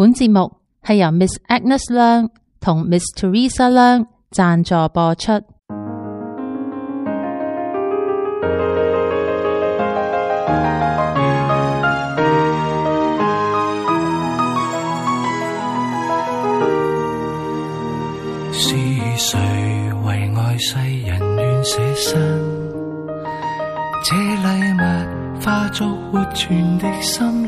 本節目係由 Miss Agnes 梁同 Miss Teresa 梁贊助播出。是誰為愛世人願捨身？這禮物化作活泉的心。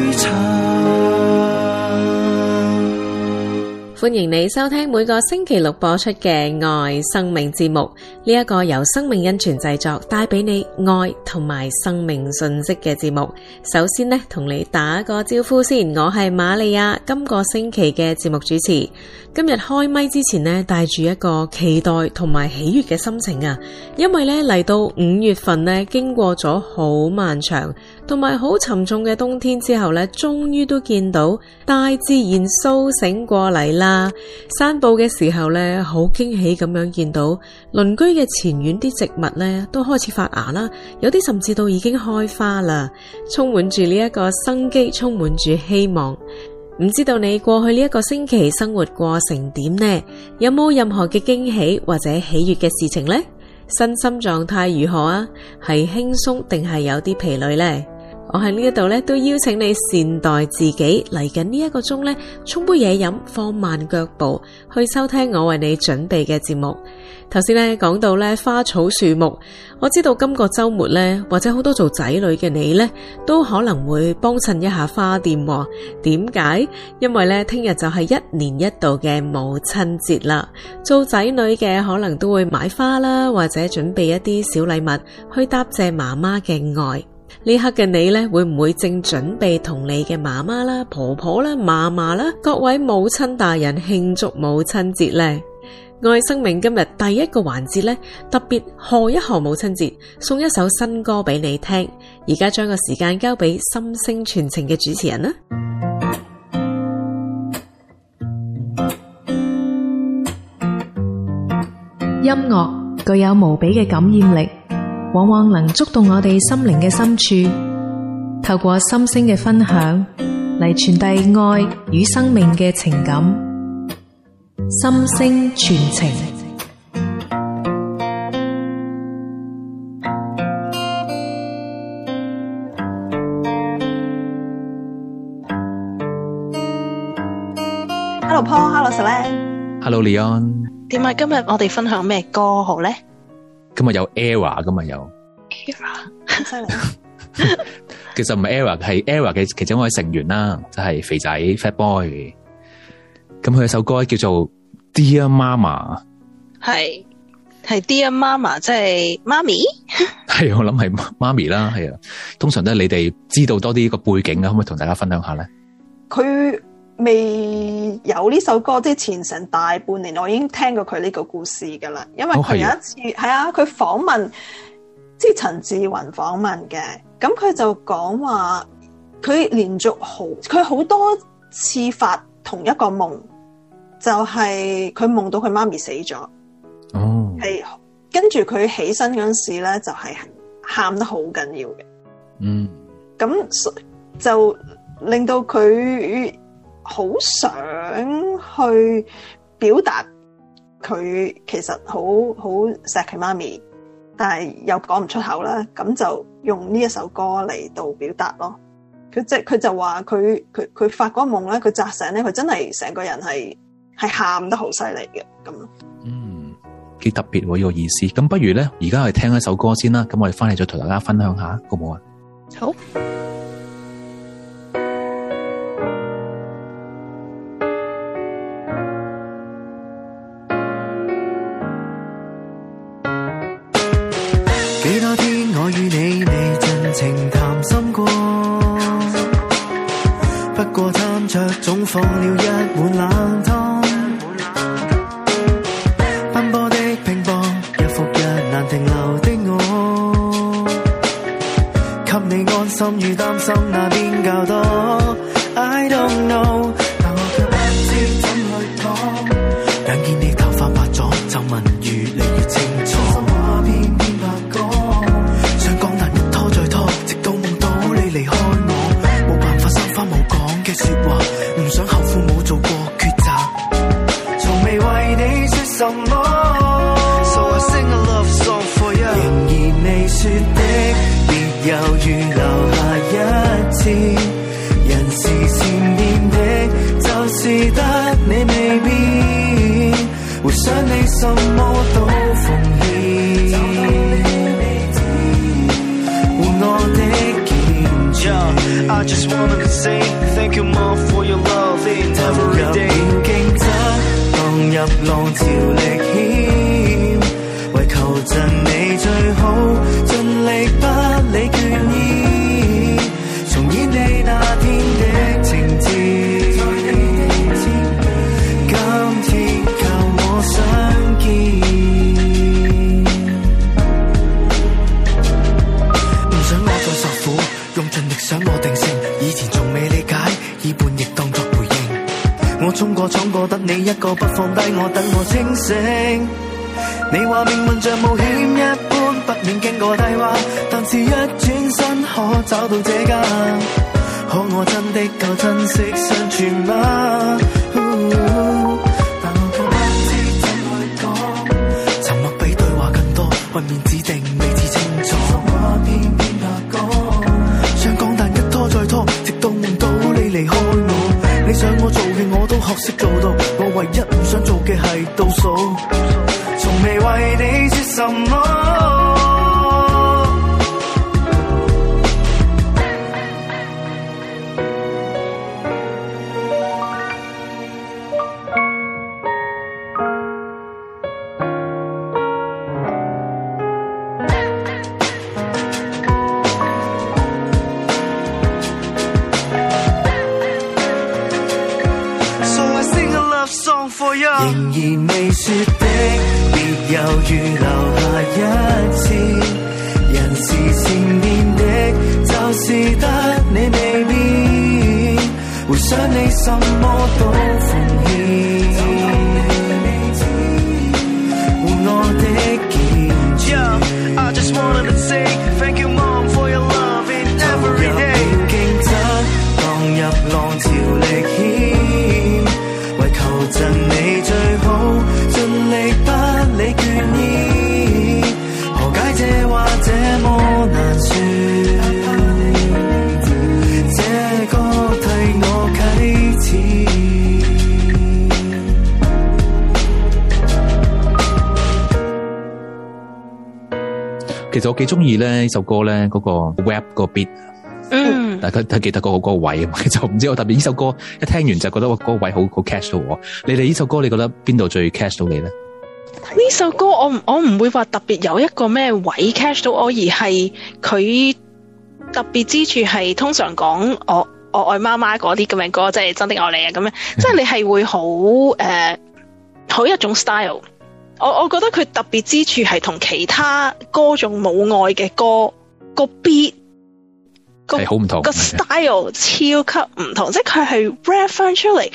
歡迎你收聽每個星期六播出嘅愛生命節目，呢一個由生命恩泉製作帶俾你愛同埋生命信息嘅節目。首先呢，同你打個招呼先，我係瑪利亞，今個星期嘅節目主持。今日開咪之前呢，帶住一個期待同埋喜悅嘅心情啊，因為呢嚟到五月份呢，經過咗好漫長。同埋好沉重嘅冬天之後咧，終於都見到大自然蘇醒過嚟啦。散步嘅時候咧，好驚喜咁樣見到鄰居嘅前院啲植物咧，都開始發芽啦，有啲甚至到已經開花啦，充滿住呢一個生機，充滿住希望。唔知道你過去呢一個星期生活過程點呢？有冇任何嘅驚喜或者喜悅嘅事情呢？身心狀態如何啊？係輕鬆定係有啲疲累呢？我喺呢一度咧，都邀請你善待自己。嚟緊呢一個鐘咧，沖杯嘢飲，放慢腳步去收聽我為你準備嘅節目。頭先咧講到咧花草樹木，我知道今個周末咧，或者好多做仔女嘅你咧，都可能會幫襯一下花店。點解？因為咧，聽日就係一年一度嘅母親節啦。做仔女嘅可能都會買花啦，或者準備一啲小禮物去答謝媽媽嘅愛。呢刻嘅你呢，會唔會正準備同你嘅媽媽啦、婆婆啦、嫲嫲啦、各位母親大人慶祝母親節呢？愛生命今日第一個環節呢，特別賀一賀母親節，送一首新歌俾你聽。而家將個時間交俾心聲傳情嘅主持人啦。音樂具有無比嘅感染力。往往能觸動我哋心靈嘅深處，透過心聲嘅分享嚟傳遞愛與生命嘅情感。心聲傳情。Hello，Paul，Hello，Sally，Hello，Leon，點啊？今日我哋分享咩歌好咧？今日有 error 咁啊有 error 噶嘛有，error 犀利，其實唔係 error 係 error 嘅其中一位成員啦，就係肥仔 fat boy。咁佢嘅首歌叫做 Dear Mama，係係 Dear Mama，即係媽咪，係我諗係媽咪啦。係啊，通常都係你哋知道多啲個背景啊，可唔可以同大家分享下咧？佢。未有呢首歌，即係前成大半年，我已經聽過佢呢個故事噶啦。因為佢有一次係、哦、啊，佢訪問即係陳志雲訪問嘅，咁佢就講話佢連續好佢好多次發同一個夢，就係佢夢到佢媽咪死咗哦。係跟住佢起身嗰陣時咧，就係、是、喊得好緊要嘅。嗯，咁就令到佢。好想去表達佢其實好好錫佢媽咪，但係又講唔出口啦。咁就用呢一首歌嚟到表達咯。佢即係佢就話佢佢佢發嗰個夢咧，佢扎醒咧，佢真係成個人係係喊得好犀利嘅咁。嗯，幾特別喎，呢個意思。咁不如咧，而家我哋聽一首歌先啦。咁我哋翻嚟再同大家分享下，好唔好啊？好。放了一碗冷湯，奔波的拼搏，日復一日難停留的我，給你安心與擔心那邊較多。I don't know。闖過得你一個不放低我，等我清醒。 你話命運像冒險一般，不免經過低洼，但是一轉身可找到這家。可我真的夠珍惜生存嗎？呢首歌咧嗰、嗰個 rap 個 beat 嗯，大家都記得嗰個位， 就唔知我特別呢首歌一聽完就覺得哇，嗰個位好好 catch 到我。你哋呢首歌你覺得邊度最 catch 到你咧？呢首歌我我唔會話特別有一個咩位 catch 到我，而係佢特別之處係通常講我我愛媽媽嗰啲咁樣歌，即係真的愛你啊，咁樣，即係你係會好誒、 呃、好一種 style。我我覺得佢特別之處係同其他歌種母愛嘅歌個 beat 好唔同，個 style 的超級唔同，即係佢係 rap 翻出嚟，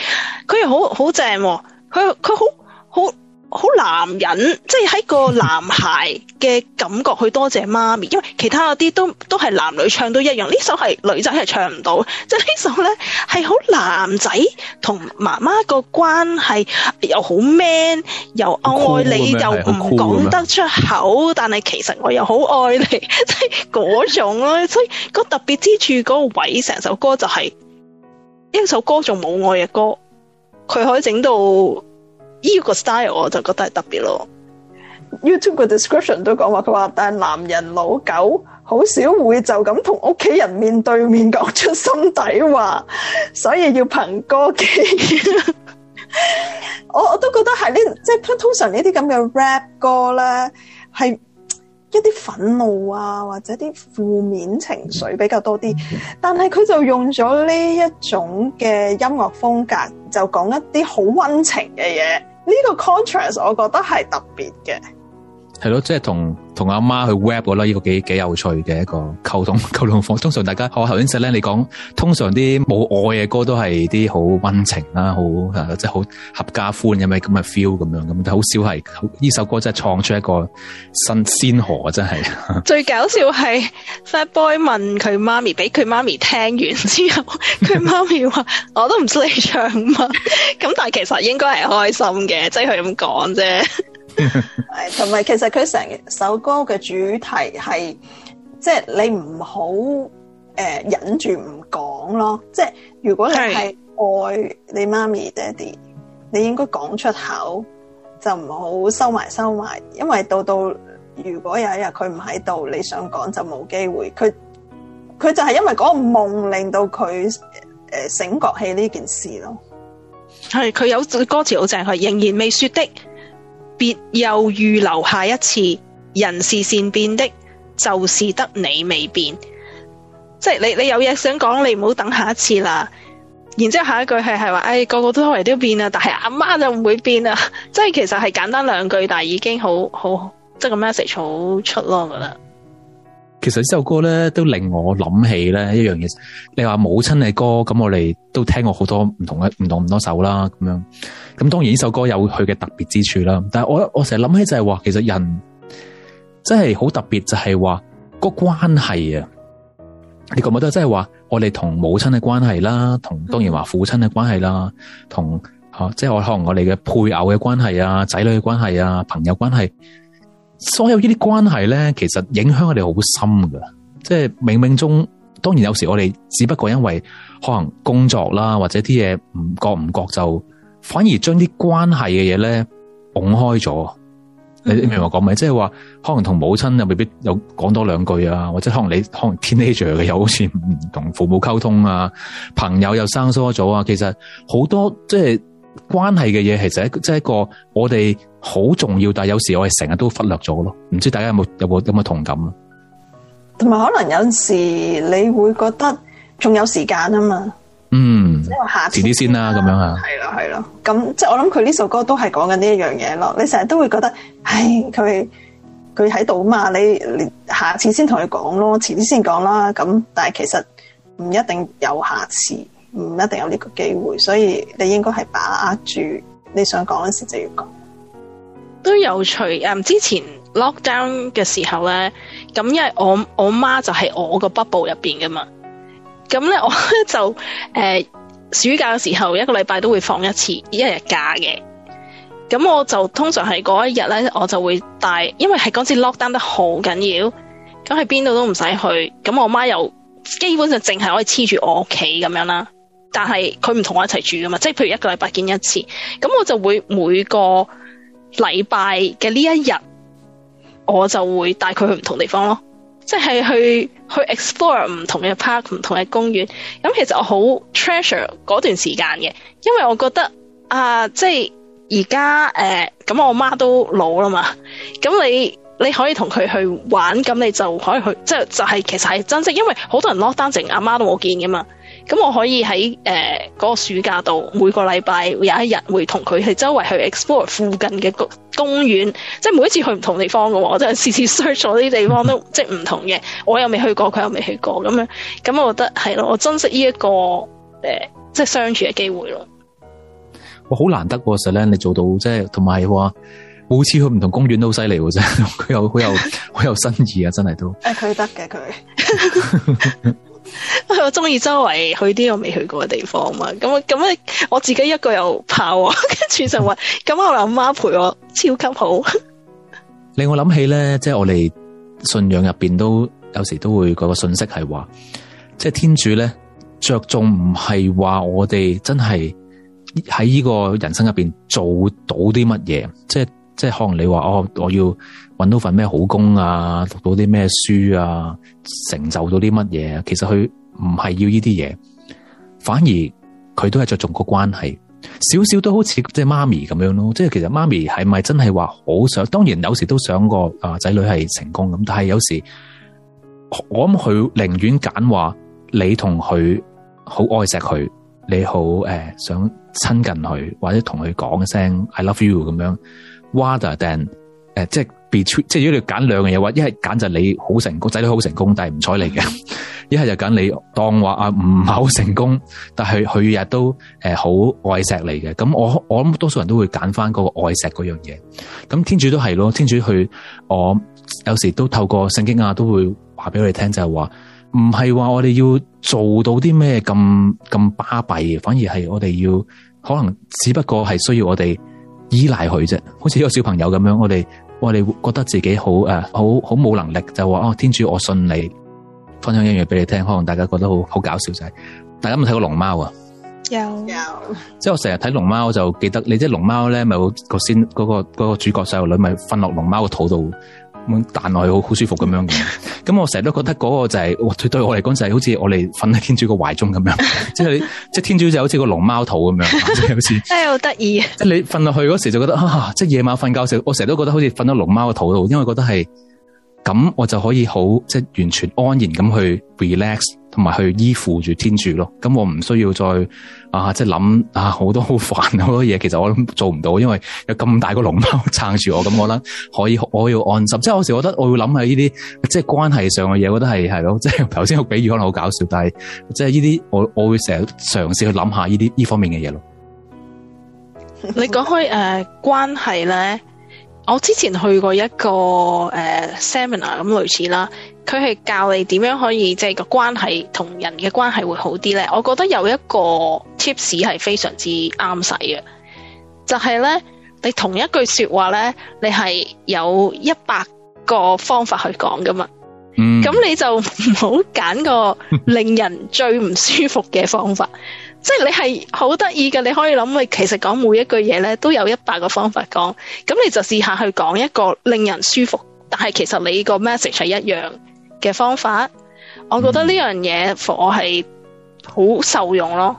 佢又好好正、啊，佢佢好好。好男人，即係喺個男孩嘅感覺去多謝媽咪，因為其他嗰啲都都係男女唱都一樣。呢首係女仔係唱唔到，就呢首呢係好男仔同媽媽個關係，又好 man，又愛你又唔講得出口，但係其實我又好愛你，即係嗰種咯。所以個特別之處嗰個位，成首歌就係、是、一首歌頌母愛嘅歌，佢可以整到。呢個 style 我就覺得係特別咯。YouTube 個 description 都講話佢話，但係男人老狗好少會就咁同屋企人面對面講出心底話，所以要憑歌寄。 我我都覺得係、就係、呢，即係通常呢啲咁嘅 rap 歌咧，係一啲憤怒啊或者啲負面情緒比較多啲，但係佢就用咗呢一種嘅音樂風格，就講一啲好溫情嘅嘢。呢個 contrast 我覺得係特別嘅，係咯，即係同同阿媽去 rap 個啦，呢個幾幾有趣嘅一個溝通溝通方。通常大家我頭先食咧，你講通常啲冇愛嘅歌都係啲好溫情啦，好、啊、即係好合家歡有咩咁嘅 feel 咁樣咁，但好少係呢首歌真係創出一個新鮮河啊！真係最搞笑係 Fat Boy 問佢媽咪，俾佢媽咪聽完之後，佢媽咪話 我都唔識你唱嘛，咁但係其實應該係開心嘅，即係佢咁講啫。係同埋，其實佢成首歌嘅主題係，即係你唔好誒忍住唔講咯。即係如果你係愛你媽咪、爹哋，你應該講出口，就唔好收埋、收埋。因為到到如果有一日佢唔喺度，你想講就冇機會。佢佢就係因為嗰個夢令到佢誒、呃、醒覺起呢件事咯。係佢、嗯、有歌詞好正，佢仍然未說的。別又預留下一次，人是善變的，就是得你未變，即係你你有嘢想講，你唔好等下一次啦。然之後下一句係係話，誒、哎、個個都嚟都變啦，但係阿媽，媽就唔會變啊！即係其實係簡單兩句，但係已經好好，即係個 message 好出咯，我覺得。其實呢首歌咧都令我諗起咧一樣嘢，你話母親嘅歌，咁我哋都聽過好多唔同嘅唔同唔多首啦，咁樣，咁當然呢首歌有佢嘅特別之處啦。但係我我成日諗起就係話，其實人真係好特別，就係話個關係啊，你覺唔覺得？即係話我哋同母親嘅關係啦，同當然話父親嘅關係啦，同吓即係我可能我哋嘅配偶嘅關係啊，仔女嘅關係啊，朋友關係。所有呢啲關係咧，其實影響我哋好深噶。即係冥冥中，當然有時我哋只不過因為可能工作啦，或者啲嘢唔覺唔覺就反而將啲關係嘅嘢咧拱開咗。你明我講咪？嗯、即係話可能同母親又未必有講多兩句啊，或者可能你可能天 a t u 嘅又好似唔同父母溝通啊，朋友又生疏咗啊。其實好多即係。關係嘅嘢其實一個即係、就是、一個我哋好重要，但係有時我哋成日都忽略咗咯。唔知大家有冇有冇咁嘅同感？同埋可能有陣時你會覺得仲有時間啊嘛，嗯，即係下次遲啲先啦，咁樣呀，係啦係啦。咁即係我諗佢呢首歌都係講緊呢一樣嘢咯。你成日都會覺得，唉，佢佢喺度嘛，你你下次先同佢講咯，遲啲先講啦。咁但係其實唔一定有下次。唔一定有呢個機會，所以你應該係把握住你想講嗰時就要講。都有趣誒，之前 lockdown 嘅時候咧，咁因為我我媽就喺我個 bubble 入邊噶嘛，咁咧我就誒、呃、暑假嘅時候一個禮拜都會放一次一日假嘅，咁我就通常係嗰一日咧，我就會帶，因為係嗰陣 lockdown 得好緊要，咁喺邊度都唔使去，咁我媽又基本上淨係可以黐住我屋企咁樣啦。但係佢唔同我一齊住噶嘛，即係譬如一個禮拜見一次，咁我就會每個禮拜嘅呢一日，我就會帶佢去唔同地方咯，即係去去 explore 唔同嘅 park、唔同嘅公園。咁其實我好 treasure 嗰段時間嘅，因為我覺得啊、呃，即係而家誒，咁、呃、我媽都老啦嘛，咁你你可以同佢去玩，咁你就可以去，即係就係、是、其實係珍惜，因為好多人囉，單淨阿媽都冇見噶嘛。咁我可以喺誒嗰個暑假度，每個禮拜有一日會同佢去周圍去 explore 附近嘅公公園，即係每一次去唔同地方嘅喎，即係次次 search 咗啲地方都即係唔同嘅，我又未去過，佢又未去過咁樣，咁我覺得係咯，我珍惜呢、這、一個誒、呃、即係相處嘅機會咯。我好難得喎，實咧你做到即係同埋話每次去唔同公園都好犀利真係，佢有好有好 有新意啊，真係都誒佢得嘅佢。 我中意周圍去啲我未去過嘅地方嘛，咁啊咁啊，我自己一個又怕，跟 住就話，咁我話阿媽陪我，超級好。 令我諗起咧，即係我哋信仰入邊都有時都會嗰個信息係話，即係天主咧着重唔係話我哋真係喺呢個人生入邊做到啲乜嘢，即係。即係可能你話哦，我要搵到份咩好工啊，讀到啲咩書啊，成就到啲乜嘢？其實佢唔係要呢啲嘢，反而佢都係着重個關係，少少都好似即係媽咪咁樣咯。即係其實媽咪係咪真係話好想？當然有時都想過啊仔女係成功咁，但係有時我諗佢寧願揀話你同佢好愛錫佢，你好誒、呃、想親近佢，或者同佢講聲 I love you 咁樣。Rather than 誒、uh，即係 between 即係如果你揀兩樣嘢話，一係揀就你好成功，仔女好成功，但係唔彩你嘅；一係就揀你當話啊唔係好成功，但係佢日都誒好愛錫你嘅。咁我我諗多數人都會揀翻嗰個愛錫嗰樣嘢。咁天主都係咯，天主佢我有時都透過聖經啊，都會話俾我哋聽，就係話唔係話我哋要做到啲咩咁咁巴閉，反而係我哋要可能只不過係需要我哋。依賴佢啫，好似呢個小朋友咁樣，我哋我哋覺得自己好誒，好好冇能力就話哦，天主我信你。分享一樣嘢俾你聽，可能大家覺得好好搞笑就係，大家有冇睇過龍貓啊？有有，即係我成日睇龍貓，我就記得你即係龍貓咧，咪、嗰個先、嗰個、嗰個主角細路女咪瞓落龍貓嘅肚度。彈落去好好舒服咁樣嘅，咁我成日都覺得嗰個就係，對對我嚟講就係好似我哋瞓喺天主個懷中咁樣， 即係即係天主就好似個龍貓肚咁樣， 好似真係好得意。即係你瞓落去嗰時就覺得啊，即係夜晚瞓覺時候，我成日都覺得好似瞓咗龍貓嘅肚度，因為覺得係咁，我就可以好即係完全安然咁去 relax。同埋去依附住天主咯，咁我唔需要再啊，即係諗啊好多好煩好多嘢。其實我諗做唔到，因為有咁大個龍貓撐住我，咁我覺得可以，我要安心。即係有時我覺得我會諗下呢啲即係關係上嘅嘢，我覺得係係咯。即係頭先個比喻可能好搞笑，但係即係呢啲我我會成日嘗試去諗下呢啲呢方面嘅嘢咯。 你講開誒關係咧，我之前去過一個誒、呃、seminar 咁類似啦。佢係教你點樣可以即係、就是、個關係同人嘅關係會好啲呢？我覺得有一個 tips 係非常之啱使嘅，就係、是、呢：你同一句說話呢，你係有一百個方法去講噶嘛。嗯，咁你就唔好揀個令人最唔舒服嘅方法。即係 你係好得意噶，你可以諗，你其實講每一句嘢呢，都有一百個方法講。咁你就試下去講一個令人舒服，但係其實你個 message 係一樣嘅方法，我覺得呢樣嘢我係好受用咯，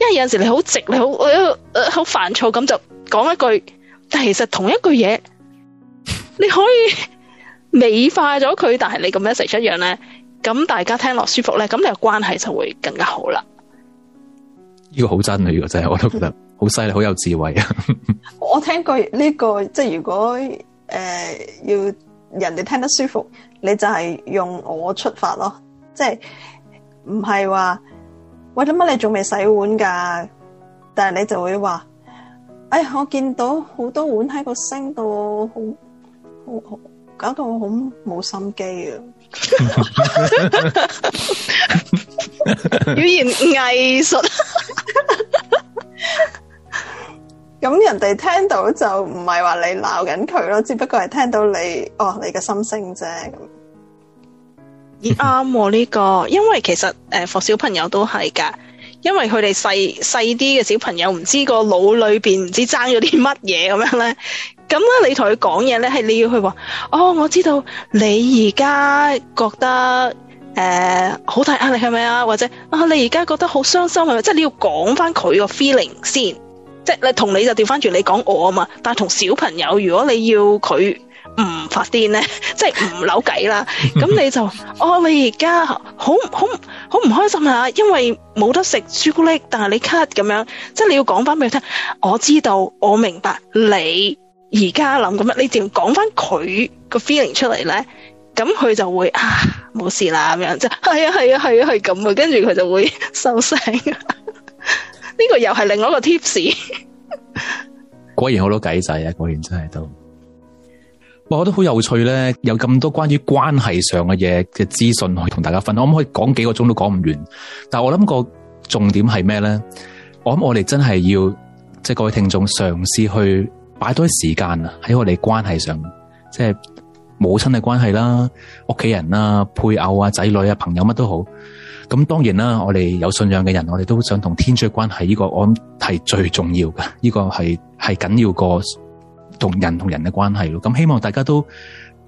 因為有陣時你好直，你好，我好煩躁，咁就講一句，但其實同一句嘢，你可以美化咗佢，但係你咁樣寫一樣咧，咁大家聽落舒服咧，咁你嘅關係就會更加好啦。呢個好真啊，呢個真係我都覺得好犀利，好 有智慧啊！ 我聽過呢、這個，即係如果誒、呃、要人哋聽得舒服。你就係用我出發咯，即係唔係話，為咗乜你仲未洗碗噶？但係你就會話，哎，我見到好多碗喺個星度，好好好，搞到我好冇心機啊！ 語言藝術。 咁人哋聽到就唔係話你鬧緊佢咯,只不過係聽到你哦你嘅心聲啫。咁啱喎呢個，因為其實誒，防小朋友都係噶，因為佢哋細細啲嘅小朋友唔知個腦裏邊唔知爭咗啲乜嘢咁樣咧。咁 咧、 嗯、你同佢講嘢咧，係你要去話哦，我知道你而家覺得誒好、uh, 大壓力係咪啊？或者啊，你而家覺得好傷心係咪？即係、就是、你要講翻佢個 feeling 先。即係你同你就調翻轉，你講我啊嘛。但係同小朋友，如果你要佢唔發癲咧，即係唔扭計啦。咁 你就哦，你而家好好好唔開心吓、啊，因為冇得食朱古力，但係你 cut 咁樣，即係你要講翻俾佢聽。我知道，我明白你而家諗咁乜，你仲講翻佢個 feeling 出嚟咧，咁佢就會啊冇事啦咁樣。即係係啊係啊係啊係咁啊，跟住佢就會收聲。 呢個又係另外一個 tips， 果然好多計仔啊！果然真係都，我覺得好有趣咧。有咁多關於關係上嘅嘢嘅資訊去同大家分享，可唔可以講幾個鐘都講唔完？但係我諗個重點係咩咧？我諗我哋真係要即係、就是、各位聽眾嘗試去擺多啲時間啊，喺我哋關係上，即係母親嘅關係啦、屋企人啦、配偶啊、仔女啊、朋友乜都好。咁當然啦，我哋有信仰嘅人，我哋都想同天主嘅關係呢個，我諗係最重要嘅，呢個係係緊要過同人同人嘅關係咯。咁希望大家都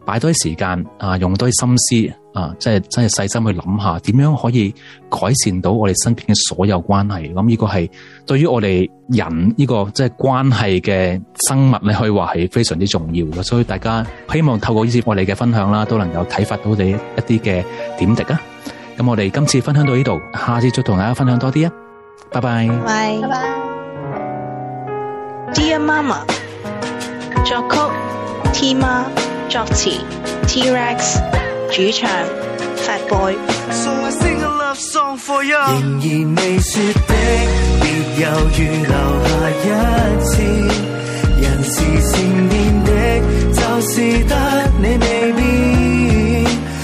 擺多啲時間啊，用多啲心思啊，即係真係細心去諗下，點樣可以改善到我哋身邊嘅所有關係。咁呢個係對於我哋人呢個即係關係嘅生物咧，可以話係非常之重要嘅。所以大家希望透過呢次我哋嘅分享啦，都能夠啟發到你一啲嘅點滴啊。咁我哋今次分享到呢度，下次再同大家分享多啲啊！拜拜，拜拜。Dear Mama，作曲 T 媽，作詞 T Rex，主唱 Fat Boy。仍然未說的，別猶豫留下一次。人是善變的，就是得你未變。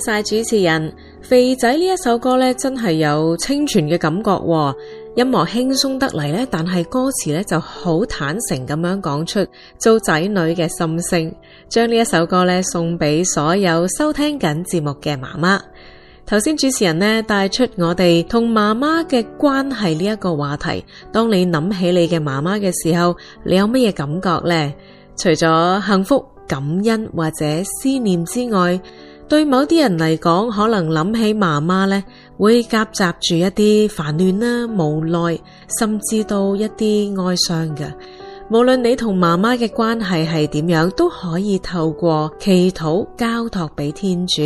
晒主持人肥仔呢一首歌咧，真係有清泉嘅感覺喎，音樂輕鬆得嚟咧，但係歌詞咧就好坦誠咁樣講出做仔女嘅心聲，將呢一首歌咧送俾所有收聽緊節目嘅媽媽。頭先主持人咧帶出我哋同媽媽嘅關係呢一個話題，當你諗起你嘅媽媽嘅時候，你有乜嘢感覺呢？除咗幸福、感恩或者思念之外。對某啲人嚟講，可能諗起媽媽咧，會夾雜住一啲煩亂啦、無奈，甚至到一啲哀傷嘅。無論你同媽媽嘅關係係點樣，都可以透過祈禱交託俾天主。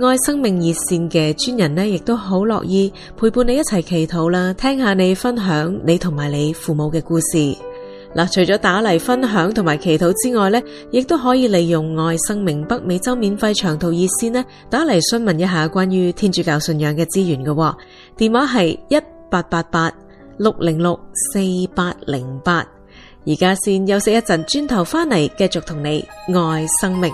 愛生命熱線嘅專人咧，亦都好樂意陪伴你一齊祈禱啦，聽下你分享你同埋你父母嘅故事。嗱，除咗打嚟分享同埋祈禱之外咧，亦都可以利用愛生命北美洲免費長途熱線咧打嚟詢問一下關於天主教信仰嘅資源嘅，電話係一八八八六零六四八零八。而家先休息一陣，轉頭翻嚟繼續同你愛生命。，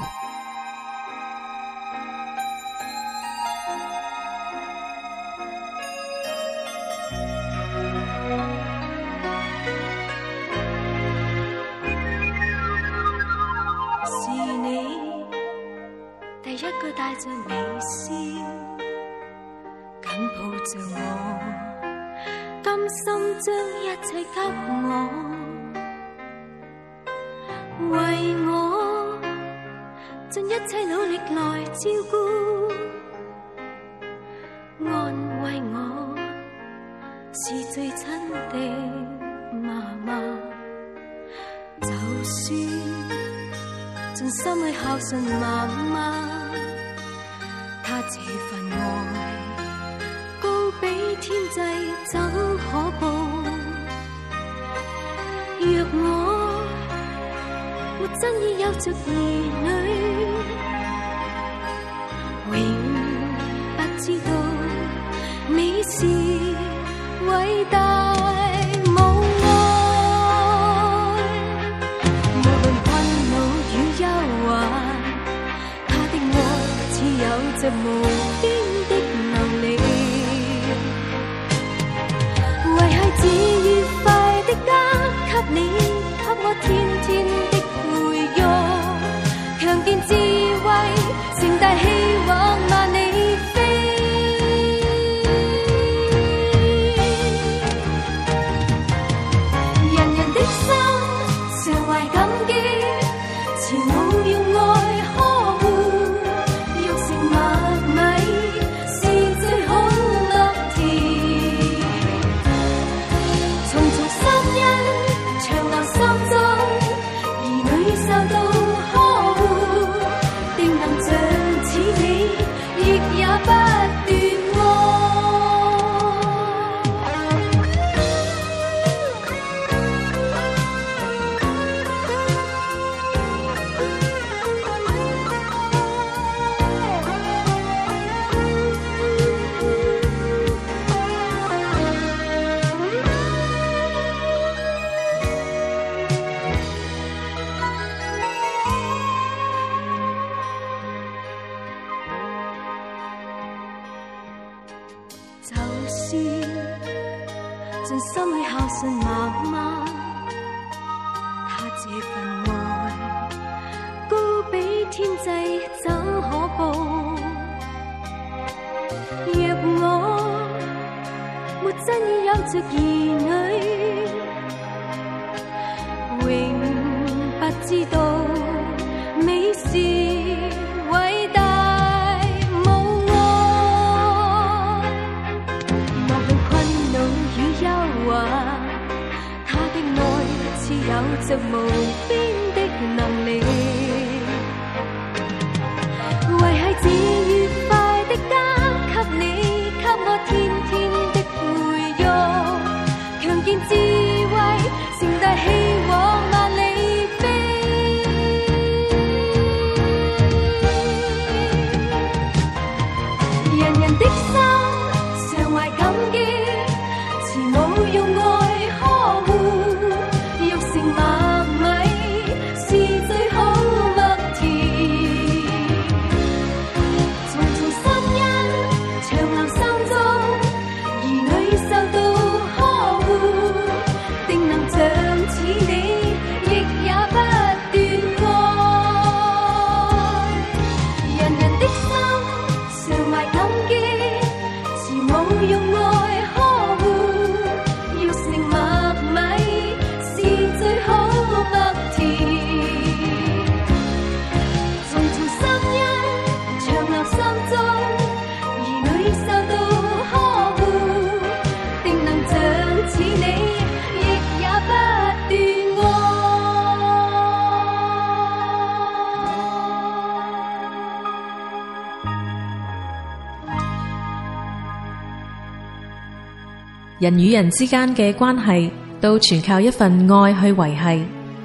人與人之間嘅關係都全靠一份愛去維繫。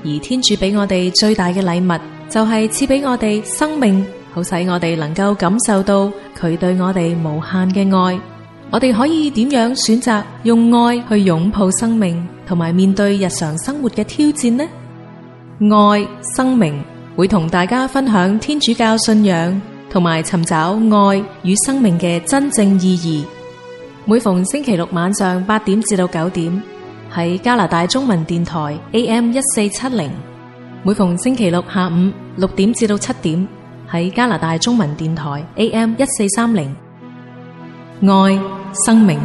而天主俾我哋最大嘅禮物，就係賜俾我哋生命，好使我哋能夠感受到佢對我哋無限嘅愛。我哋可以點樣選擇用愛去擁抱生命，同埋面對日常生活嘅挑戰呢？愛生命會同大家分享天主教信仰，同埋尋找愛與生命嘅真正意義。每逢星期六晚上八點至到九點，喺加拿大中文電台 AM 一四七零；每逢星期六下午六點至到七點，喺加拿大中文電台 AM 一四三零。愛生命，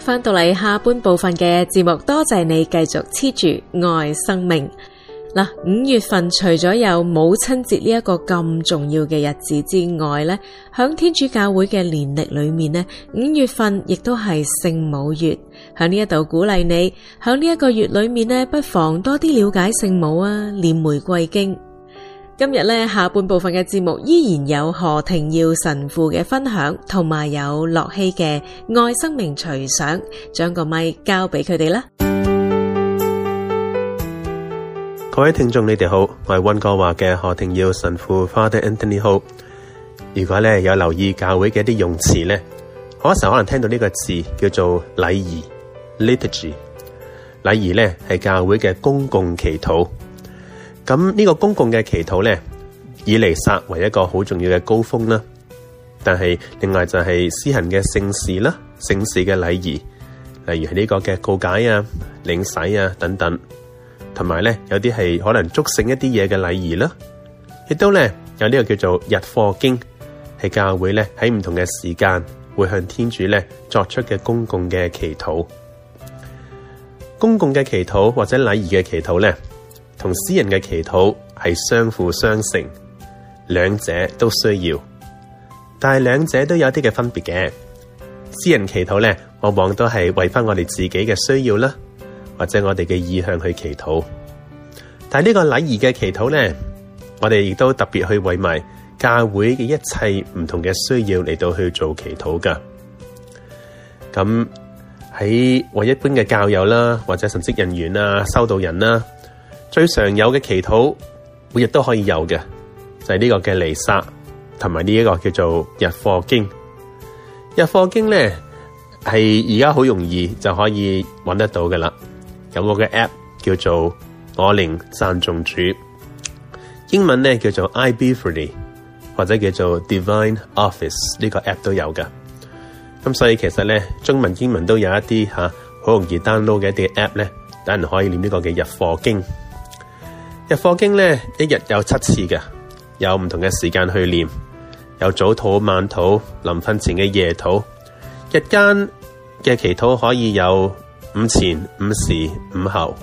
翻到嚟下半部分嘅節目，多謝你繼續黐住愛生命。嗱，五月份除咗有母親節呢一個咁重要嘅日子之外呢，響天主教會嘅年曆裏面呢，五月份亦都係聖母月。響呢一度鼓勵你，響呢一個月裏面呢，不妨多啲了解聖母啊，念玫瑰經。今日呢下半部分嘅節目依然有何庭耀神父嘅分享，同埋有樂希嘅愛生命隨想，將個咪交俾佢哋啦。各位聽眾，你哋好，我係溫哥華嘅何庭耀神父 Father Anthony Ho。如果咧有留意教會嘅一啲用詞咧，我有時可能聽到呢個字叫做禮儀 （liturgy）。禮儀咧係教會嘅公共祈禱。咁呢個公共嘅祈禱咧，以彌撒為一個好重要嘅高峰啦。但係另外就係施行嘅聖事啦，聖事嘅禮儀，例如係呢個嘅告解啊、領洗啊等等。同埋咧，有啲係可能祝聖一啲嘢嘅禮儀啦，亦都咧有呢個叫做日課經，係教會咧喺唔同嘅時間會向天主咧作出嘅公共嘅祈禱。公共嘅祈禱或者禮儀嘅祈禱咧，同私人嘅祈禱係相輔相成，兩者都需要，但係兩者都有啲嘅分別嘅。私人祈禱咧，往往都係為翻我哋自己嘅需要啦。或者我哋嘅意向去祈禱，但係呢個禮儀嘅祈禱咧，我哋亦都特別去為埋教會嘅一切唔同嘅需要嚟到去做祈禱噶。咁喺我一般嘅教友啦，或者神職人員啦、修道人啦，最常有嘅祈禱每日都可以有嘅就係、是、呢個嘅彌撒同埋呢一個叫做日課經。日課經咧係而家好容易就可以揾得到噶啦。有個嘅 app 叫做我寧讚頌主，英文咧叫做 iBreviary 或者叫做 Divine Office 呢個 app 都有噶。咁所以其實咧，中文英文都有一啲吓好容易 download 嘅一啲 app 咧，等人可以念呢個嘅日課經。日課經咧一日有七次嘅，有唔同嘅時間去念，有早禱、晚禱、臨瞓前嘅夜禱、日間嘅祈禱可以有。午前、午時、午後，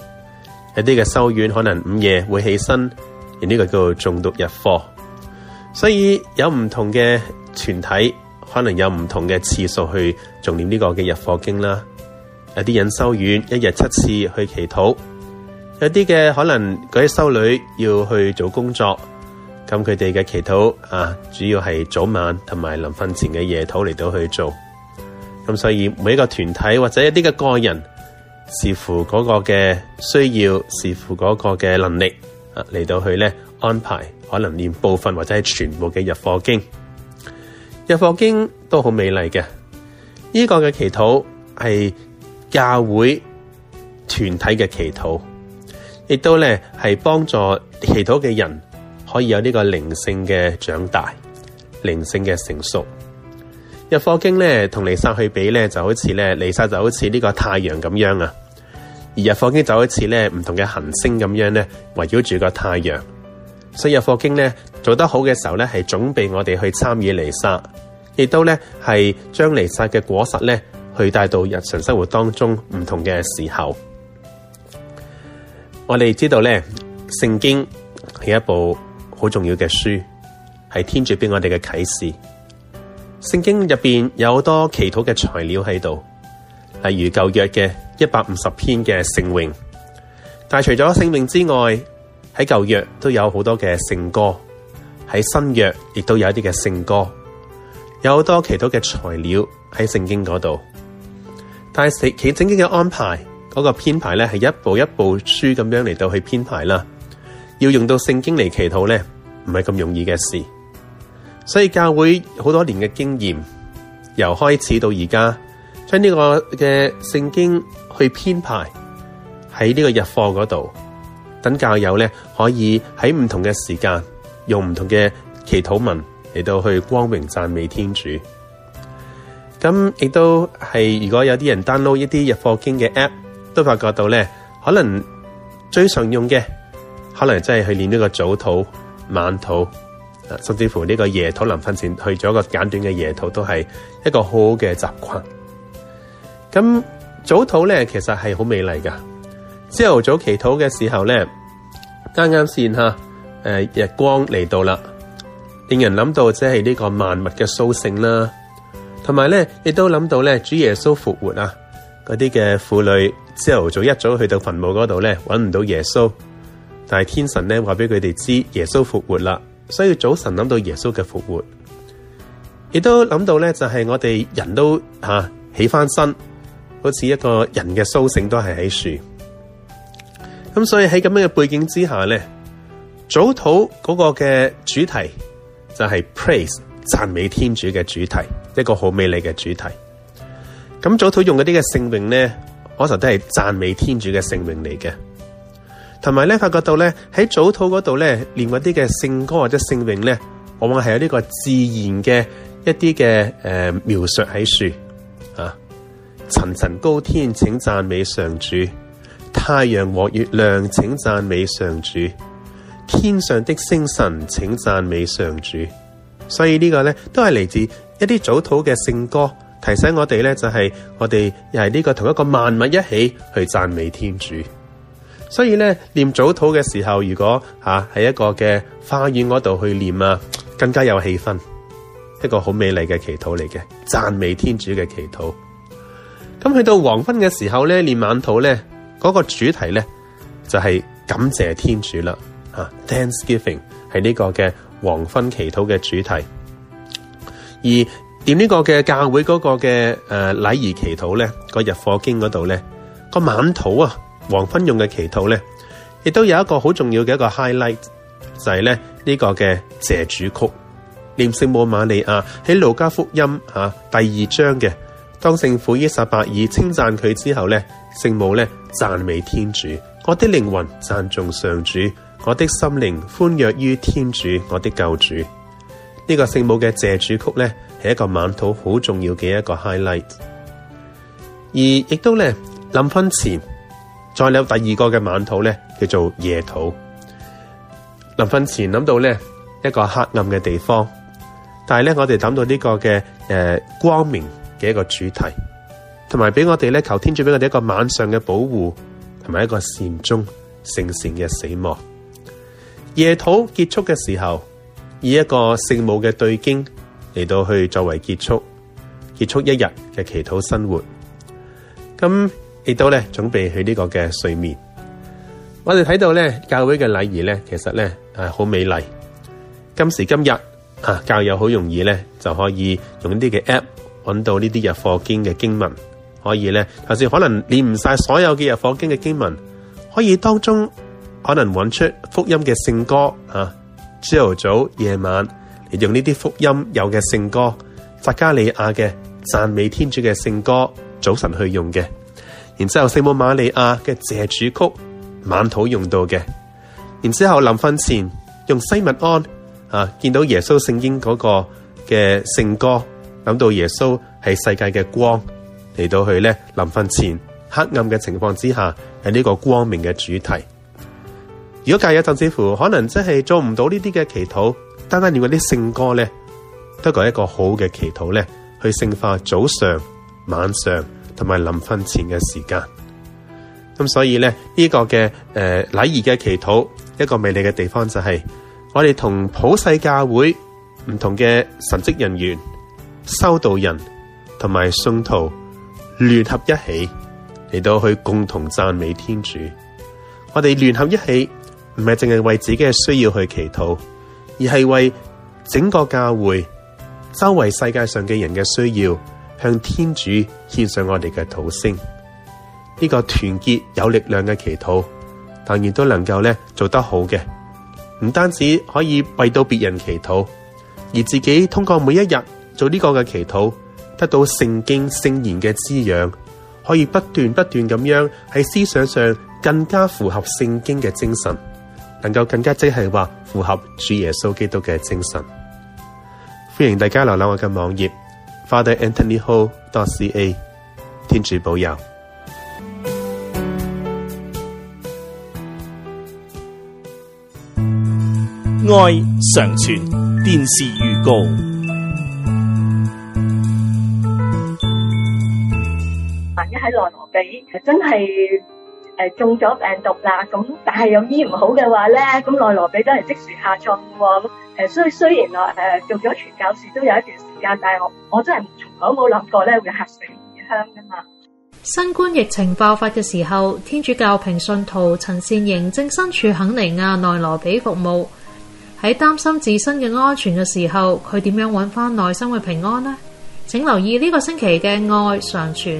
有啲嘅修院可能午夜會起身，而呢個叫做誦讀日課。所以有唔同嘅團體，可能有唔同嘅次數去重念呢個嘅日課經啦。有啲人修院一日七次去祈禱，有啲嘅可能嗰啲修女要去做工作，咁佢哋嘅祈禱啊，主要係早晚同埋臨瞓前嘅夜禱嚟到去做。咁所以每一個團體或者一啲嘅個人。視乎嗰個嘅需要，視乎嗰個嘅能力，啊嚟到去咧安排，可能念部分或者係全部嘅日課經，日課經都好美麗嘅。呢、這個嘅祈禱係教會團體嘅祈禱，亦都咧係幫助祈禱嘅人可以有呢個靈性嘅長大，靈性嘅成熟。日課經咧同彌撒去比咧，就好似咧彌撒就好似呢個太陽咁樣啊，而日課經就好似咧唔同嘅行星咁樣咧，圍繞住個太陽。所以日課經咧做得好嘅時候咧，係準備我哋去參與彌撒，亦都咧係將彌撒嘅果實咧，去帶到日常生活當中唔同嘅時候。我哋知道咧，聖經係一部好重要嘅書，係天主俾我哋嘅啟示。聖經入邊有好多祈禱嘅材料喺度，例如舊約嘅一百五十篇嘅聖詠，但除咗聖詠之外，喺舊約都有好多嘅聖歌，喺新約亦都有一啲嘅聖歌，有好多祈禱嘅材料喺聖經嗰度，但係神佢整經嘅安排嗰個編排咧係一步一步書咁樣嚟到去編排啦，要用到聖經嚟祈禱咧唔係咁容易嘅事。所以教會好多年嘅經驗，由開始到而家，將呢個嘅聖經去編排喺呢個日課嗰度，等教友咧可以喺唔同嘅時間，用唔同嘅祈禱文嚟到去光榮讚美天主。咁亦都係，如果有啲人 download 一啲日課經嘅 app，都發覺到咧，可能最常用嘅，可能真係去練呢個早禱、晚禱。甚至乎呢個夜禱臨瞓前去咗個簡短嘅夜禱，都係一個好好嘅習慣。咁早禱咧，其實係好美麗噶。朝頭早祈禱嘅時候咧，啱啱先吓，誒、呃、日光嚟到啦，令人諗到即係呢個萬物嘅甦醒啦。同埋咧，亦都諗到咧，主耶穌復活啊。嗰啲嘅婦女朝頭早一早去到墳墓嗰度咧，搵唔到耶穌，但係天神咧話俾佢哋知耶穌復活啦。所以早晨諗到耶穌嘅復活，亦都諗到咧就係、是、我哋人都吓、啊、起翻身，好似一個人嘅蘇醒都係喺樹。咁所以喺咁樣嘅背景之下咧，早土嗰個嘅主題就係 Praise 讚美天主嘅主題，一個好美麗嘅主題。咁早土用嗰啲嘅聖詠呢，我成日都係讚美天主嘅聖詠嚟嘅。同埋咧，發覺到咧喺早土嗰度咧，連嗰啲嘅聖歌或者聖詠咧，往往係有呢個自然嘅一啲嘅誒描述喺樹啊。層層高天，請讚美上主；太陽和月亮，請讚美上主；天上的星辰，請讚美上主。所以個呢個咧都係嚟自一啲早土嘅聖歌，提醒我哋咧就係、是、我哋又係呢個同一個萬物一起去讚美天主。所以咧，念早禱嘅時候，如果吓喺、啊、一個嘅花園嗰度去念啊，更加有氣氛，一個好美麗嘅祈禱嚟嘅讚美天主嘅祈禱。咁、嗯、去到黃昏嘅時候咧，念晚禱咧，嗰、那個主題咧就係、是、感謝天主啦，吓、啊、Thanksgiving 係呢個嘅黃昏祈禱嘅主題。而點呢個嘅教會嗰個嘅誒禮儀祈禱咧，那個日課經嗰度咧，那個晚禱啊。黃昏用嘅祈禱咧，亦都有一個好重要嘅一個 highlight，就係咧呢個嘅謝主曲。念聖母瑪利亞喺路加福音吓第二章嘅，當聖父伊撒伯爾稱讚佢之後咧，聖母咧讚美天主，我的靈魂讚頌上主，我的心靈歡躍於天主，我的救主。呢、這個聖母嘅謝主曲咧，係一個晚禱好重要嘅一個 highlight。而亦都咧臨瞓前。再有第二個嘅晚禱咧，叫做夜禱。臨瞓前諗到咧一個黑暗嘅地方，但係咧我哋諗到呢個嘅誒、呃、光明嘅一個主題，同埋俾我哋咧求天主俾我哋一個晚上嘅保護，同埋一個善終聖善嘅死亡。夜禱結束嘅時候，以一個聖母嘅對經嚟到去作為結束，結束一日嘅祈禱生活。咁。嚟到咧，準備去呢個嘅睡眠。我哋睇到咧教會嘅禮儀咧，其實咧係好美麗。今時今日吓，教友好容易咧就可以用呢啲嘅 App 揾到呢啲日課經嘅經文，可以咧，就算可能練唔晒所有嘅日課經嘅經文，可以當中可能揾出福音嘅聖歌啊，朝頭早、夜晚嚟用呢啲福音有嘅聖歌，匝加利亞嘅讚美天主嘅聖歌，早晨去用嘅。然之後聖母瑪利亞嘅謝主曲，晚禱用到嘅。然之後臨瞓前用西密安啊，見到耶穌聖嬰嗰個嘅聖歌，諗到耶穌係世界嘅光，嚟到佢咧臨瞓前黑暗嘅情況之下，係呢個光明嘅主題。如果假日甚至乎，可能真係做唔到呢啲嘅祈禱，單單練嗰啲聖歌咧，都係一個好嘅祈禱咧，去聖化早上、晚上。同埋臨瞓前嘅時間，咁所以咧呢、呢個嘅誒禮儀嘅祈禱一個美麗嘅地方就係、是、我哋同普世教會唔同嘅神職人員、修道人同埋信徒聯合一起嚟到去共同讚美天主。我哋聯合一起唔係淨係為自己嘅需要去祈禱，而係為整個教會周圍世界上嘅人嘅需要。向天主獻上我哋嘅禱聲，呢、這個團結有力量嘅祈禱，當然都能夠咧做得好嘅。唔單止可以為到別人祈禱，而自己通過每一日做呢個嘅祈禱，得到聖經聖言嘅滋養，可以不斷不斷咁樣喺思想上更加符合聖經嘅精神，能夠更加即係話符合主耶穌基督嘅精神。歡迎大家瀏覽我嘅網頁。Father Anthony Ho dot C A，天主保佑。愛常傳電視預告。萬一喺內羅比，係真係。誒，中咗病毒啦，咁但係又醫唔好嘅話咧，咁內羅比都係即時下葬喎。誒，雖雖然我誒做咗傳教士都有一段時間，但係我我真係從嚟冇諗過咧，會客死異鄉噶嘛。新冠疫情爆發嘅時候，天主教平信徒陳善瑩正身處肯尼亞內羅比服務，喺擔心自身嘅安全嘅時候，佢點樣揾翻內心嘅平安呢？請留意呢個星期嘅愛常傳。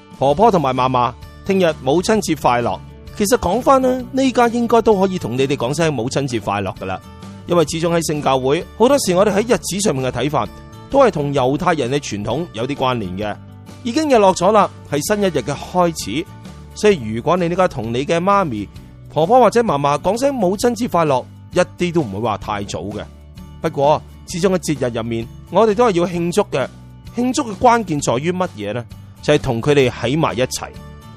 婆婆同埋嫲嫲，聽日母親節快樂。其實講翻，啦，呢家應該都可以同你哋講聲母親節快樂噶啦。因為始終喺聖教會，好多時我哋喺日子上面嘅睇法，都係同猶太人嘅傳統有啲關聯嘅。已經日落咗啦，係新一日嘅開始。所以如果你呢家同你嘅媽咪、婆婆或者嫲嫲講聲母親節快樂，一啲都唔會話太早嘅。不過始終喺節日入面，我哋都係要慶祝嘅。慶祝嘅關鍵在於乜嘢呢？就係同佢哋喺埋一齊，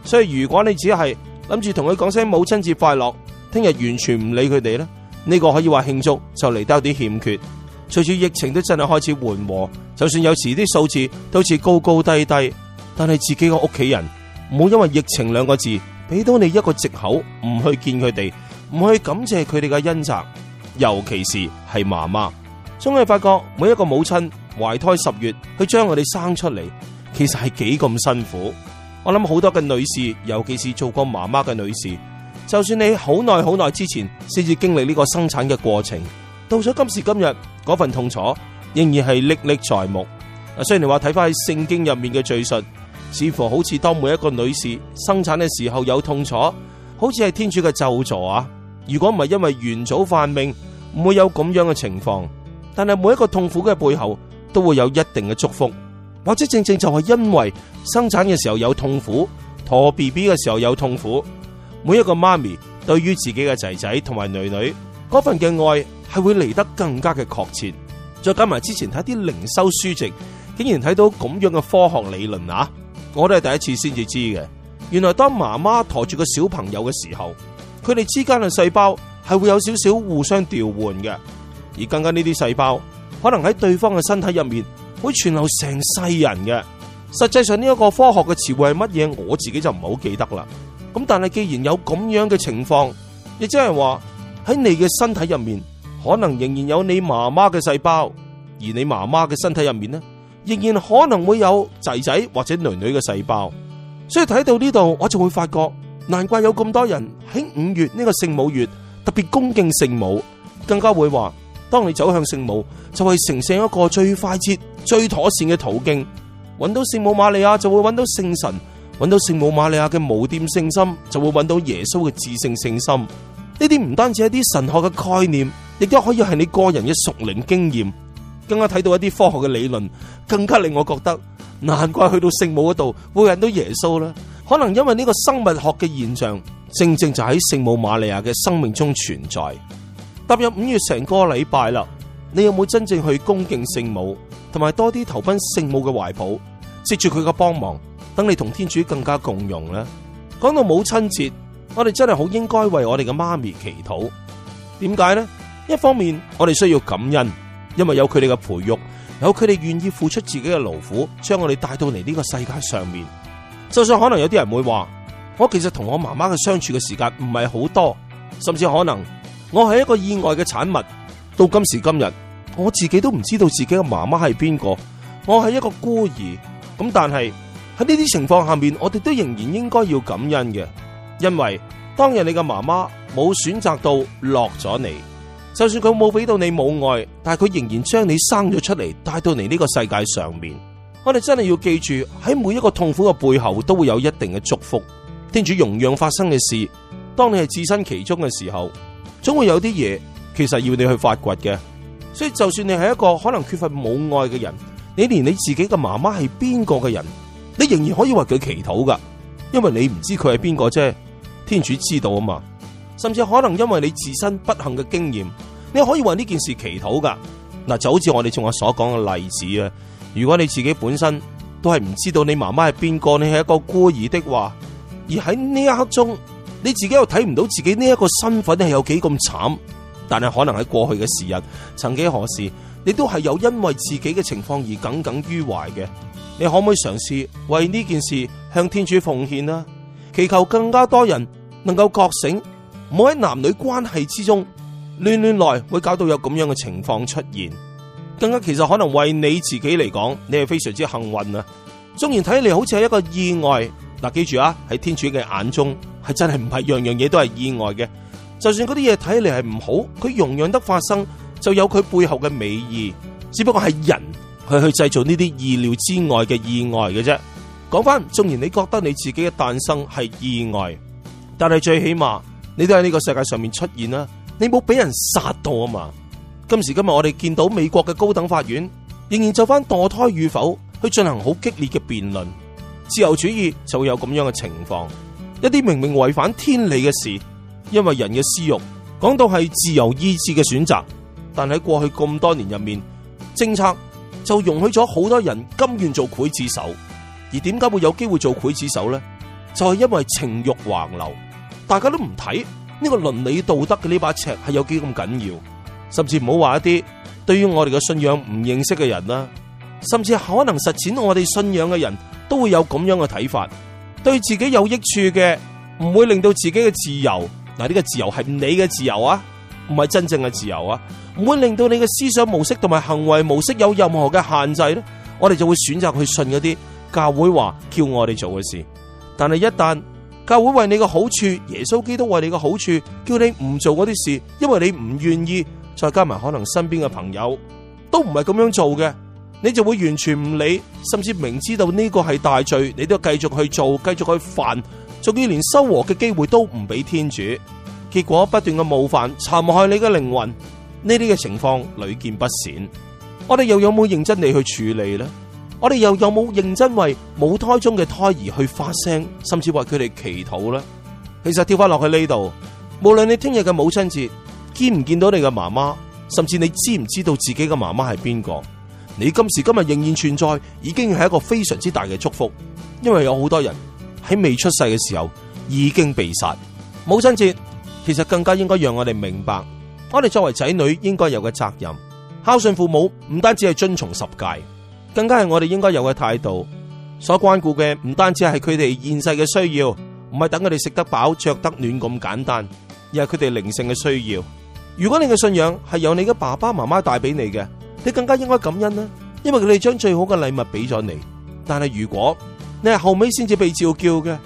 所以如果你只係諗住同佢講聲母親節快樂，聽日完全唔理佢哋咧，呢個可以話慶祝就嚟得有啲欠缺。隨住疫情都真係開始緩和，就算有時啲數字都似高高低低，但係自己個屋企人唔好因為疫情兩個字，俾到你一個借口唔去見佢哋，唔去感謝佢哋嘅恩澤，尤其是係媽媽，終於發覺每一個母親懷胎十月去將我哋生出嚟。其實係幾咁辛苦，我諗好多嘅女士，尤其是做過媽媽嘅女士，就算你好耐好耐之前先至經歷呢個生產嘅過程，到咗今時今日，嗰份痛楚仍然係歷歷在目。啊，雖然你話睇返喺聖經入面嘅敘述，似乎好似當每一個女士生產嘅時候有痛楚，好似係天主嘅咒詛啊。如果唔係因為原祖犯命，唔會有咁樣嘅情況。但係每一個痛苦嘅背後，都會有一定嘅祝福。或者正正就係因為生產嘅時候有痛苦，陀 B B 嘅時候有痛苦，每一個媽咪對於自己嘅仔仔同埋女女嗰份嘅愛係會嚟得更加嘅確切。再加埋之前睇啲靈修書籍，竟然睇到咁樣嘅科學理論啊！我都係第一次先至知嘅。原來當媽媽陀住個小朋友嘅時候，佢哋之間嘅細胞係會有少少互相調換嘅，而更加呢啲細胞可能喺對方嘅身體入面。會傳流成世人嘅。實際上呢，一個科學嘅詞彙係乜嘢，我自己就唔係好記得啦。咁但係既然有咁樣嘅情況，亦即係話喺你嘅身體入面，可能仍然有你媽媽嘅細胞，而你媽媽嘅身體入面呢，仍然可能會有仔仔或者女女嘅細胞。所以睇到呢度，我就會發覺，難怪有咁多人喺五月呢個聖母月，特別恭敬聖母，更加會話，當你走向聖母，就係成聖一個最快捷、最妥善嘅途徑。揾到聖母瑪利亞，就會揾到聖神，揾到聖母瑪利亞嘅無玷聖心，就會揾到耶穌嘅至聖聖心。呢啲唔單止係啲神學嘅概念，亦都可以係你個人嘅屬靈經驗，更加睇到一啲科學嘅理論，更加令我覺得難怪去到聖母嗰度會引到耶穌啦。可能因為呢個生物學嘅現象，正正就喺聖母瑪利亞嘅生命中存在。踏入五月成個禮拜啦，你有冇真正去恭敬聖母，同埋多啲投奔聖母嘅懷抱，藉住佢嘅幫忙，等你同天主更加共融呢？講到母親節，我哋真係好應該為我哋嘅媽咪祈禱。點解呢？一方面我哋需要感恩，因為有佢哋嘅培育，有佢哋願意付出自己嘅勞苦，將我哋帶到嚟呢個世界上面。就算可能有啲人會話，我其實同我媽媽嘅相處嘅時間唔係好多，甚至可能。我係一個意外嘅產物，到今時今日，我自己都唔知道自己嘅媽媽係邊個。我係一個孤兒，咁但係喺呢啲情況下面，我哋都仍然應該要感恩嘅，因為當日你嘅媽媽冇選擇到落咗你，就算佢冇俾到你母愛，但係佢仍然將你生咗出嚟，帶到嚟呢個世界上面。我哋真係要記住，喺每一個痛苦嘅背後都會有一定嘅祝福。聽住容讓發生嘅事，當你係置身其中嘅時候。總會有啲嘢，其實要你去發掘嘅，所以就算你係一個可能缺乏母愛嘅人，你連你自己嘅媽媽係邊個嘅人，你仍然可以話佢祈禱噶，因為你唔知佢係邊個啫，天主知道啊嘛。甚至可能因為你自身不幸嘅經驗，你可以話呢件事祈禱噶。嗱，就好似我哋仲有所講嘅例子啊，如果你自己本身都係唔知道你媽媽係邊個，你係一個孤兒的話，而喺呢一刻中。你自己又睇唔到自己呢一個身份係有幾咁慘，但係可能喺過去嘅時日，曾幾何時，你都係有因為自己嘅情況而耿耿於懷嘅。你可唔可以嘗試為呢件事向天主奉獻啊，祈求更加多人能夠覺醒，唔好喺男女關係之中亂亂來，會搞到有咁樣嘅情況出現。更加其實可能為你自己嚟講，你係非常之幸運啊！縱然睇起嚟好似係一個意外，嗱，記住啊，喺天主嘅眼中。係真係唔係樣樣嘢都係意外嘅，就算嗰啲嘢睇起嚟係唔好，佢容樣得發生，就有佢背後嘅美意。只不過係人去去製造呢啲意料之外嘅意外嘅啫。講翻，縱然你覺得你自己嘅誕生係意外，但係最起碼你都喺呢個世界上面出現啦，你冇俾人殺到啊嘛。今時今日，我哋見到美國嘅高等法院仍然就翻墮胎與否去進行好激烈嘅辯論，自由主義就會有咁樣嘅情況。一啲明明違反天理嘅事，因為人嘅私欲，講到係自由意志嘅選擇，但喺過去咁多年入面，政策就容許咗好多人甘願做劊子手。而點解會有機會做劊子手呢？就係因為情欲橫流，大家都唔睇呢個倫理道德嘅呢把尺係有幾咁緊要，甚至唔好話一啲對於我哋嘅信仰唔認識嘅人啦，甚至可能實踐我哋信仰嘅人都會有咁樣嘅睇法。對自己有益處嘅，唔會令到自己嘅自由。嗱，呢個自由係你嘅自由啊，唔係真正嘅自由啊，唔會令到你嘅思想模式同埋行為模式有任何嘅限制咧。我哋就會選擇去信嗰啲教會話叫我哋做嘅事。但係一旦教會為你個好處，耶穌基督為你個好處，叫你唔做嗰啲事，因為你唔願意，再加埋可能身邊嘅朋友都唔係咁樣做嘅。你就會完全唔理，甚至明知道呢個係大罪，你都繼續去做，繼續去犯，仲要連修和嘅機會都唔俾天主。結果不斷嘅冒犯，殘害你嘅靈魂，呢啲嘅情況屢見不鮮。我哋又有冇認真地去處理咧？我哋又有冇認真為母胎中嘅胎兒去發聲，甚至為佢哋祈禱咧？其實跳翻落去呢度，無論你聽日嘅母親節見唔見到你嘅媽媽，甚至你知唔知道自己嘅媽媽係邊個？你今時今日仍然存在，已經係一個非常之大嘅祝福，因為有好多人喺未出世嘅時候已經被殺。母親節其實更加應該讓我哋明白，我哋作為仔女應該有嘅責任孝順父母，唔單止係遵從十誡，更加係我哋應該有嘅態度。所關顧嘅唔單止係佢哋現世嘅需要，唔係等佢哋食得飽、着得暖咁簡單，而係佢哋靈性嘅需要。如果你嘅信仰係由你嘅爸爸媽媽帶俾你嘅。你更加應該感恩啦，因為佢哋將最好嘅禮物俾咗你。但係如果你係後尾先至被召叫嘅，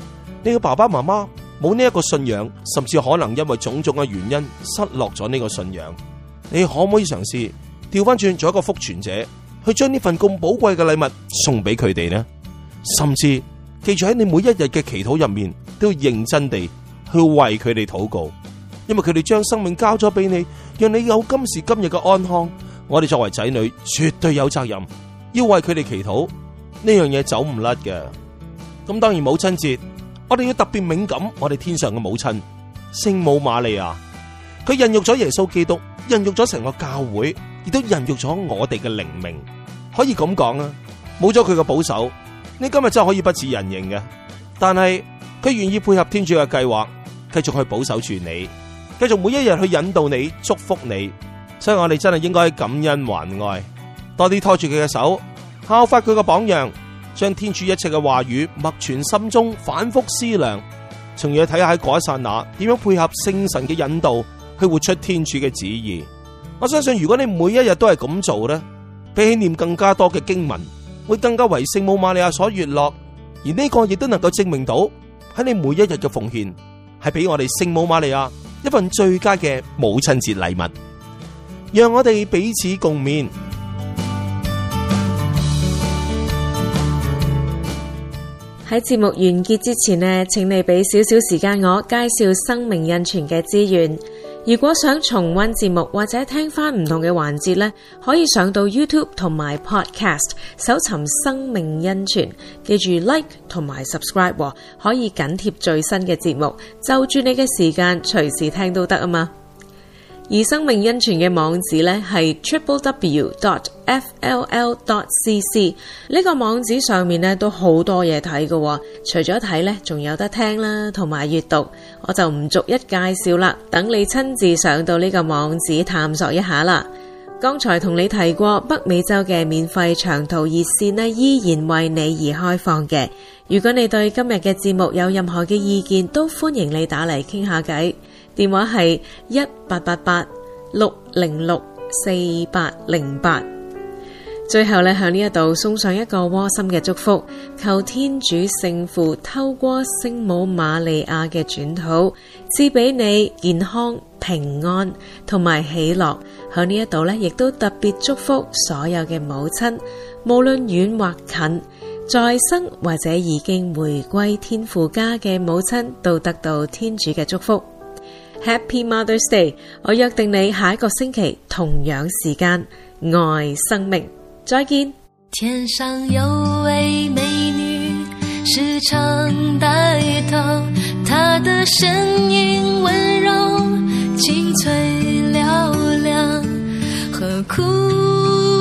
你嘅爸爸媽媽冇呢一個信仰，甚至可能因為種種嘅原因失落咗呢個信仰，你可唔可以嘗試調翻轉做一個福傳者，去將呢份咁寶貴嘅禮物送俾佢哋呢？甚至記住喺你每一日嘅祈禱入面，都要認真地去為佢哋禱告，因為佢哋將生命交咗俾你，讓你有今時今日嘅安康。我哋作為仔女，絕對有責任要為佢哋祈禱，呢樣嘢走唔甩嘅。咁當然母親節，我哋要特別敏感。我哋天上嘅母親，聖母瑪利亞，佢孕育咗耶穌基督，孕育咗成個教會，亦都孕育咗我哋嘅靈命。可以咁講啊，冇咗佢嘅保守，你今日真係可以不似人形嘅。但係佢願意配合天主嘅計劃，繼續去保守住你，繼續每一日去引導你，祝福你。所以我哋真係應該感恩還愛，多啲拖住佢嘅手，效法佢嘅榜樣，將天主一切嘅話語默存心中，反覆思量，從而睇下喺嗰一刹那點樣配合聖神嘅引導去活出天主嘅旨意。我相信，如果你每一日都係咁做咧，比起念更加多嘅經文，會更加為聖母瑪利亞所悅樂，樂。而呢個亦都能夠證明到喺你每一日嘅奉獻係俾我哋聖母瑪利亞一份最佳嘅母親節禮物。讓我哋彼此共勉。喺節目完結之前呢，請你俾少少時間我介紹生命恩泉嘅資源。如果想重温節目或者聽翻唔同嘅環節咧，可以上到 YouTube 同埋 Podcast 搜尋生命恩泉。記住 Like 同埋 Subscribe 可以緊貼最新嘅節目，就住你嘅時間隨時聽都得啊嘛。而生命恩泉嘅網址咧係 triple w dot f l l dot c c 呢個網址上面咧都好多嘢睇嘅，除咗睇咧，仲有得聽啦，同埋閱讀，我就唔逐一介紹啦，等你親自上到呢個網址探索一下啦。剛才同你提過北美洲嘅免費長途熱線呢依然為你而開放嘅。如果你對今日嘅節目有任何嘅意見，都歡迎你打嚟傾下偈。電話係一八八八六零六四八零八。最後咧，向呢一度送上一個窩心嘅祝福，求天主聖父透過聖母瑪利亞嘅轉土，賜俾你健康平安同埋喜樂。向呢一度呢，亦都特別祝福所有嘅母親，無論遠或近，在生或者已經回歸天父家嘅母親，都得到天主嘅祝福。Happy Mother's Day！我約定你下一個星期同樣時間愛生命，再見。天上有位美女時常帶頭，她的聲音温柔清脆嘹亮，亮，何苦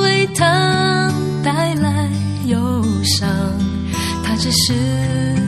為她帶來憂傷？她只是。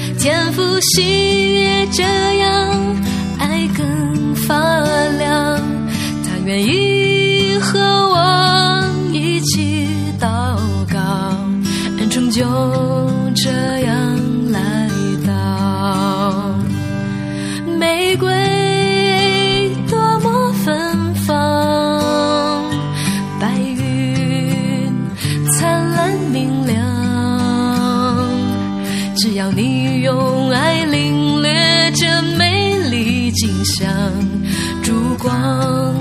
天賦喜悅，這樣愛更發亮。他願意和我。